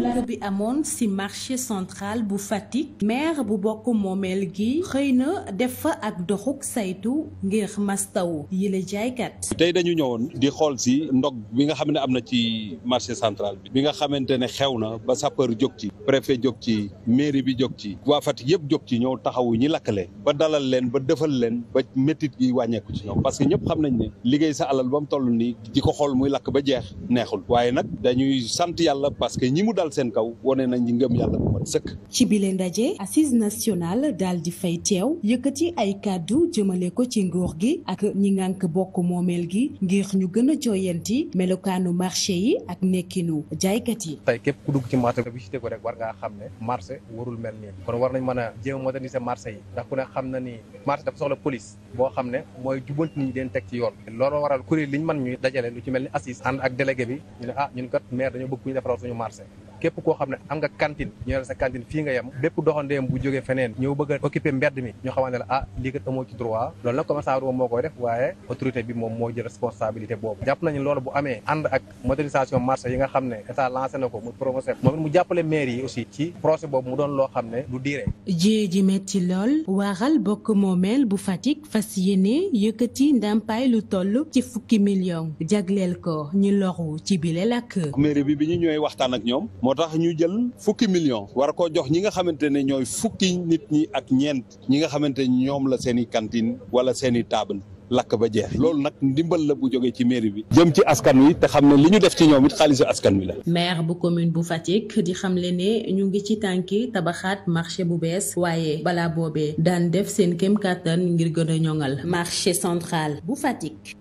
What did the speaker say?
lakk bi amoon ci marché central bu Fatick maire bu bokk moomeel gi xëy na def fa ak doxuk saytu ngir mastawu yi la jaaykat tey dañu ñëwoon di xool si ndog bi nga xam ne am na ci marché central bi nga xamante ne xew na ba sapeur jóg ci préfet jóg ci mairie bi jóg ci waa Fatick yëpp jóg ci ñëw taxawu ñi lakkale ba dalal leen ba defal leen ba métit gi wàññeeku ci ñoom parce que ñëpp xam nañ ne liggéey sa alal ba mu toll nii di xool muy lakk ba jeex neexul seen kaw wone nañ ñi ngëm yàlla bu ci bile ndaje assis national daal di fay teew yëkkati ay kàddu jëmale ko ci nguur gi ak ñi ngànk bokk moomeel gi ngir ñu gën a jooyanti melokaanu marché yi ak nekkinu jaaykat yi. tey képp ku dugg ci marché bi visité ko rek war ngaa xam ne marché warul mel nii kon war nañ mën a jéem a moderniser marché yi ndax ku ne xam na ni marché dafa soxla police boo xam ne mooy jubanti nit leen teg ci yoon. loolu waral kuréel liñ mën ñuy dajale lu ci mel ni assise ànd ak délégué bi ñu ne ah ñun kat maire dañoo bëgg ñu defaral képp koo xam ne am nga cantine ñoo ne la sa cantine fii nga yem bépp doxandeem bu jógee feneen ñëw bëgg a occuper mbedd mi ñu xamante la ah lii kat amoo ci droit loolu nag commerçant moo koy def waaye autorité bi moom moo jël responsabilité boobu jàpp nañu loolu bu amee ànd ak modernisation marché yi nga xam ne état lancé na ko mu promotion moom mu jàppale maire yi aussi ci projet boobu mu doon loo xam ne du diire jiyee ji metti lool waaral bokk moomeel bu Fatick fas yéene yëkkati ndàmpaay lu toll ci fukki million jagleel ko ñu loru ci bile lakk mairie bi bi ñu ñëwee waxtaan ak ñoom moo tax ñu jël fukki million war koo jox ñi nga xamante ne ñooy fukki nit ñi ak ñeent ñi nga xamante ne ñoom la seen i cantine wala seen i table lakk ba jeex loolu nag ndimbal la bu jógee ci mairie bi. jëm ci askan wi te xam ne li ñu def ci ñoom it xaalisu askan wi la. maire bu commune bu Fatick di xam xamle ne ñu ngi ci tànki tabaxaat marché bu bees waaye balaa boobee daan def seen kéem kàttan ngir gën a ñoŋal. marché central bu Fatick.